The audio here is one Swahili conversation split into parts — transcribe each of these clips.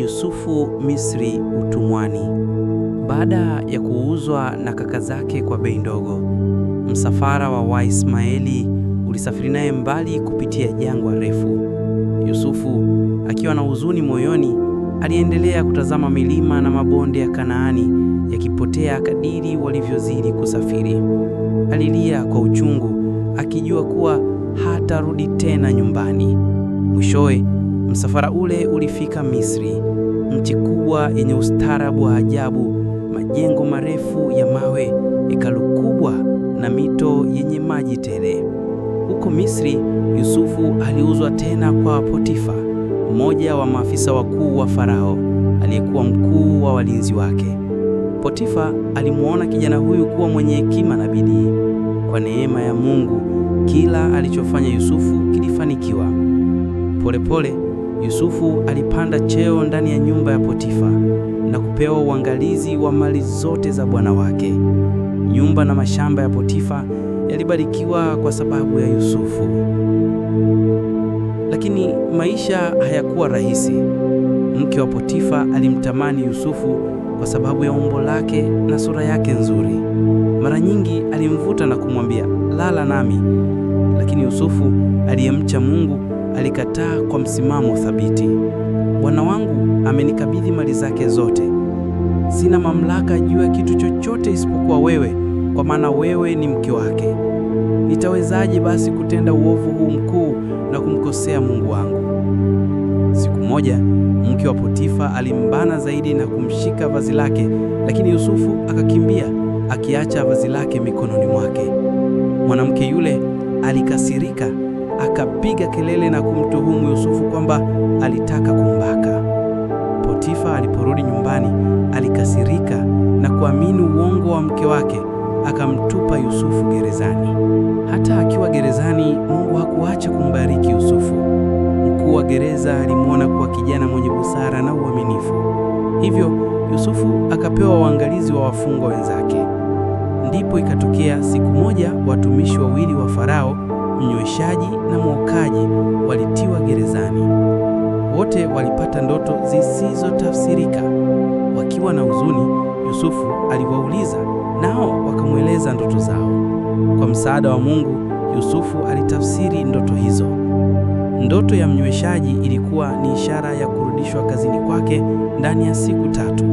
Yusufu Misri utumwani. Baada ya kuuzwa na kaka zake kwa bei ndogo, msafara wa Waismaeli ulisafiri naye mbali kupitia jangwa refu. Yusufu akiwa na huzuni moyoni, aliendelea kutazama milima na mabonde ya Kanaani yakipotea kadiri walivyozidi kusafiri. Alilia kwa uchungu, akijua kuwa hatarudi tena nyumbani. Mwishowe msafara ule ulifika Misri mti kubwa yenye ustaarabu wa ajabu, majengo marefu ya mawe, hekalu kubwa na mito yenye maji tele. Huko Misri, Yusufu aliuzwa tena kwa Potifa, mmoja wa maafisa wakuu wa Farao aliyekuwa mkuu wa walinzi wake. Potifa alimwona kijana huyu kuwa mwenye hekima na bidii. Kwa neema ya Mungu, kila alichofanya Yusufu kilifanikiwa. Polepole Yusufu alipanda cheo ndani ya nyumba ya Potifa na kupewa uangalizi wa mali zote za bwana wake. Nyumba na mashamba ya Potifa yalibarikiwa kwa sababu ya Yusufu. Lakini maisha hayakuwa rahisi. Mke wa Potifa alimtamani Yusufu kwa sababu ya umbo lake na sura yake nzuri. Mara nyingi alimvuta na kumwambia, lala nami. Lakini Yusufu aliyemcha Mungu alikataa kwa msimamo thabiti. Bwana wangu amenikabidhi mali zake zote, sina mamlaka juu ya kitu chochote isipokuwa wewe, kwa maana wewe ni mke wake. Nitawezaje basi kutenda uovu huu mkuu na kumkosea Mungu wangu? Siku moja mke wa Potifa alimbana zaidi na kumshika vazi lake, lakini Yusufu akakimbia akiacha vazi lake mikononi mwake. Mwanamke yule alikasirika akapiga kelele na kumtuhumu Yusufu kwamba alitaka kumbaka. Potifa aliporudi nyumbani, alikasirika na kuamini uongo wa mke wake, akamtupa Yusufu gerezani. Hata akiwa gerezani, Mungu hakuacha kumbariki Yusufu. Mkuu wa gereza alimwona kuwa kijana mwenye busara na uaminifu, hivyo Yusufu akapewa uangalizi wa wafungwa wenzake. Ndipo ikatokea siku moja, watumishi wawili wa Farao mnyweshaji na mwokaji walitiwa gerezani. Wote walipata ndoto zisizotafsirika. Wakiwa na huzuni, Yusufu aliwauliza, nao wakamweleza ndoto zao. Kwa msaada wa Mungu, Yusufu alitafsiri ndoto hizo. Ndoto ya mnyweshaji ilikuwa ni ishara ya kurudishwa kazini kwake ndani ya siku tatu.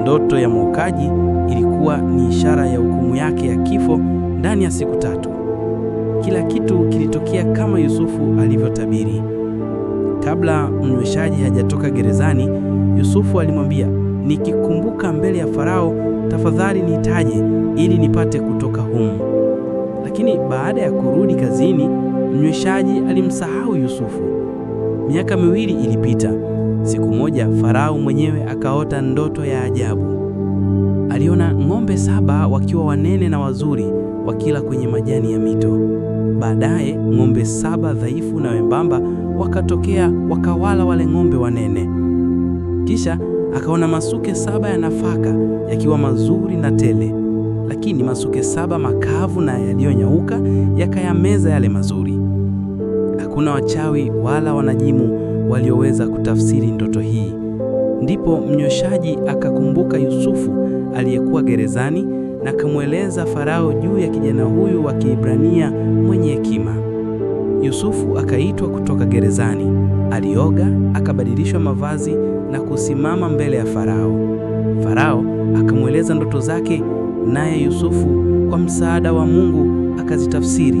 Ndoto ya mwokaji ilikuwa ni ishara ya hukumu yake ya kifo ndani ya siku tatu. Kila kitu kilitokea kama Yusufu alivyotabiri. Kabla mnyweshaji hajatoka gerezani, Yusufu alimwambia, nikikumbuka mbele ya Farao, tafadhali nitaje ili nipate kutoka humu. Lakini baada ya kurudi kazini, mnyweshaji alimsahau Yusufu. Miaka miwili ilipita. Siku moja Farao mwenyewe akaota ndoto ya ajabu. Aliona ng'ombe saba wakiwa wanene na wazuri wakila kwenye majani ya mito. Baadaye ng'ombe saba dhaifu na wembamba wakatokea wakawala wale ng'ombe wanene. Kisha akaona masuke saba ya nafaka yakiwa mazuri na tele, lakini masuke saba makavu na yaliyonyauka yakayameza yale mazuri. Hakuna wachawi wala wanajimu walioweza kutafsiri ndoto hii. Ndipo mnyoshaji akakumbuka Yusufu aliyekuwa gerezani na kamweleza Farao juu ya kijana huyu wa Kiebrania mwenye hekima. Yusufu akaitwa kutoka gerezani, alioga, akabadilishwa mavazi na kusimama mbele ya Farao. Farao akamweleza ndoto zake, naye Yusufu kwa msaada wa Mungu akazitafsiri.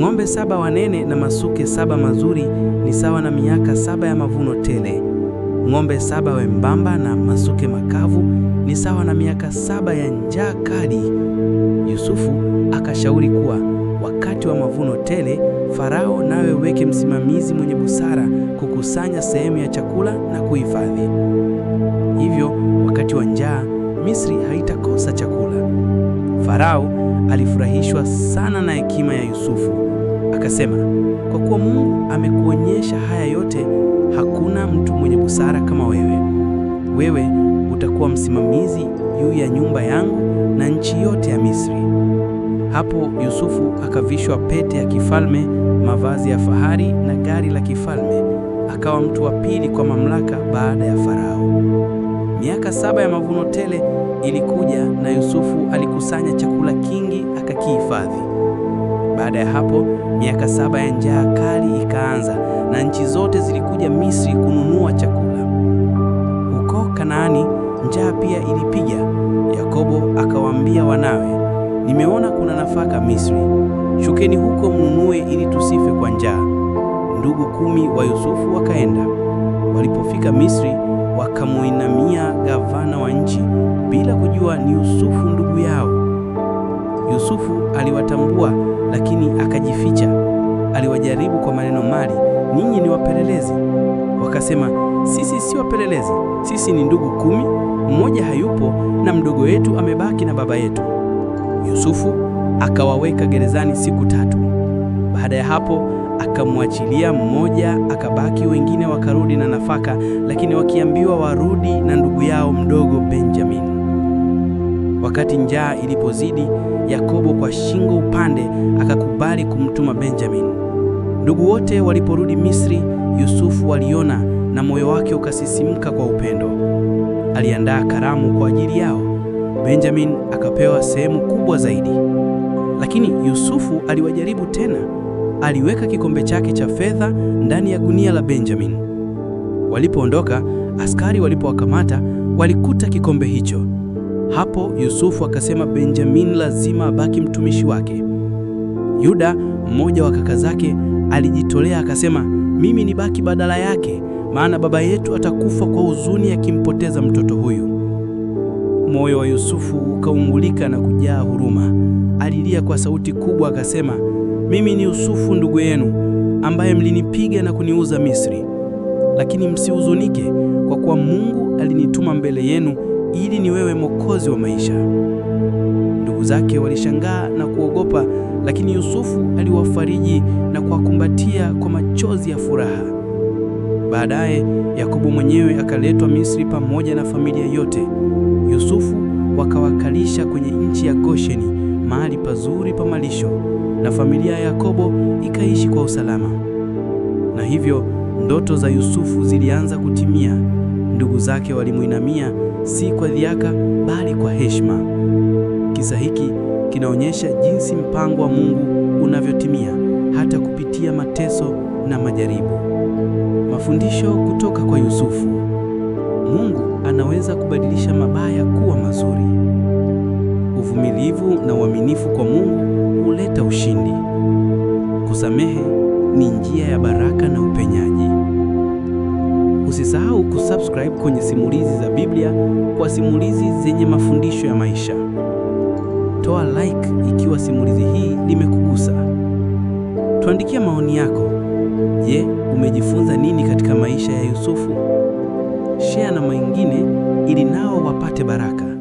Ng'ombe saba wanene na masuke saba mazuri ni sawa na miaka saba ya mavuno tele. Ng'ombe saba wembamba na masuke makavu ni sawa na miaka saba ya njaa kali. Yusufu akashauri kuwa wakati wa mavuno tele, Farao nawe weke msimamizi mwenye busara kukusanya sehemu ya chakula na kuhifadhi. Hivyo wakati wa njaa Misri haitakosa chakula. Farao alifurahishwa sana na hekima ya Yusufu. Akasema, kwa kuwa Mungu amekuonyesha haya yote, hakuna mtu mwenye busara kama wewe. Wewe utakuwa msimamizi juu ya nyumba yangu na nchi yote ya Misri. Hapo Yusufu akavishwa pete ya kifalme, mavazi ya fahari na gari la kifalme, akawa mtu wa pili kwa mamlaka baada ya Farao. Miaka saba ya mavuno tele ilikuja na Yusufu alikusanya chakula kingi akakihifadhi. Baada ya hapo Miaka saba ya njaa kali ikaanza na nchi zote zilikuja Misri kununua chakula. Huko Kanaani njaa pia ilipiga. Yakobo akawaambia wanawe, nimeona kuna nafaka Misri, shukeni huko mnunue ili tusife kwa njaa. Ndugu kumi wa Yusufu wakaenda. Walipofika Misri, wakamuinamia gavana wa nchi bila kujua ni Yusufu ndugu yao. Yusufu aliwatambua lakini akajificha. Aliwajaribu kwa maneno mali, ninyi ni wapelelezi. Wakasema, sisi si wapelelezi, sisi ni ndugu kumi, mmoja hayupo na mdogo wetu amebaki na baba yetu. Yusufu akawaweka gerezani siku tatu. Baada ya hapo akamwachilia mmoja, akabaki wengine wakarudi na nafaka, lakini wakiambiwa warudi na ndugu yao mdogo Benjamini. Wakati njaa ilipozidi, Yakobo kwa shingo upande akakubali kumtuma Benjamin. Ndugu wote waliporudi Misri, Yusufu waliona na moyo wake ukasisimka kwa upendo. Aliandaa karamu kwa ajili yao. Benjamin akapewa sehemu kubwa zaidi. Lakini Yusufu aliwajaribu tena. Aliweka kikombe chake cha fedha ndani ya gunia la Benjamin. Walipoondoka, askari walipowakamata, walikuta kikombe hicho. Hapo Yusufu akasema benjamin lazima abaki mtumishi wake. Yuda, mmoja wa kaka zake, alijitolea akasema, mimi nibaki badala yake, maana baba yetu atakufa kwa huzuni akimpoteza mtoto huyu. Moyo wa Yusufu ukaungulika na kujaa huruma. Alilia kwa sauti kubwa akasema, mimi ni Yusufu ndugu yenu ambaye mlinipiga na kuniuza Misri, lakini msihuzunike, kwa kuwa Mungu alinituma mbele yenu ili ni wewe mwokozi wa maisha. Ndugu zake walishangaa na kuogopa, lakini Yusufu aliwafariji na kuwakumbatia kwa machozi ya furaha. Baadaye Yakobo mwenyewe akaletwa Misri pamoja na familia yote. Yusufu wakawakalisha kwenye nchi ya Gosheni, mahali pazuri pa malisho, na familia ya Yakobo ikaishi kwa usalama. Na hivyo ndoto za Yusufu zilianza kutimia. Ndugu zake walimuinamia si kwa dhiaka, bali kwa heshima. Kisa hiki kinaonyesha jinsi mpango wa Mungu unavyotimia hata kupitia mateso na majaribu. Mafundisho kutoka kwa Yusufu: Mungu anaweza kubadilisha mabaya kuwa mazuri. Uvumilivu na uaminifu kwa Mungu huleta ushindi. Kusamehe ni njia ya baraka na upenyaji. Usisahau kusubscribe kwenye Simulizi za Biblia kwa simulizi zenye mafundisho ya maisha. Toa like ikiwa simulizi hii limekugusa. Tuandikia maoni yako. Je, umejifunza nini katika maisha ya Yusufu? Share na wengine ili nao wapate baraka.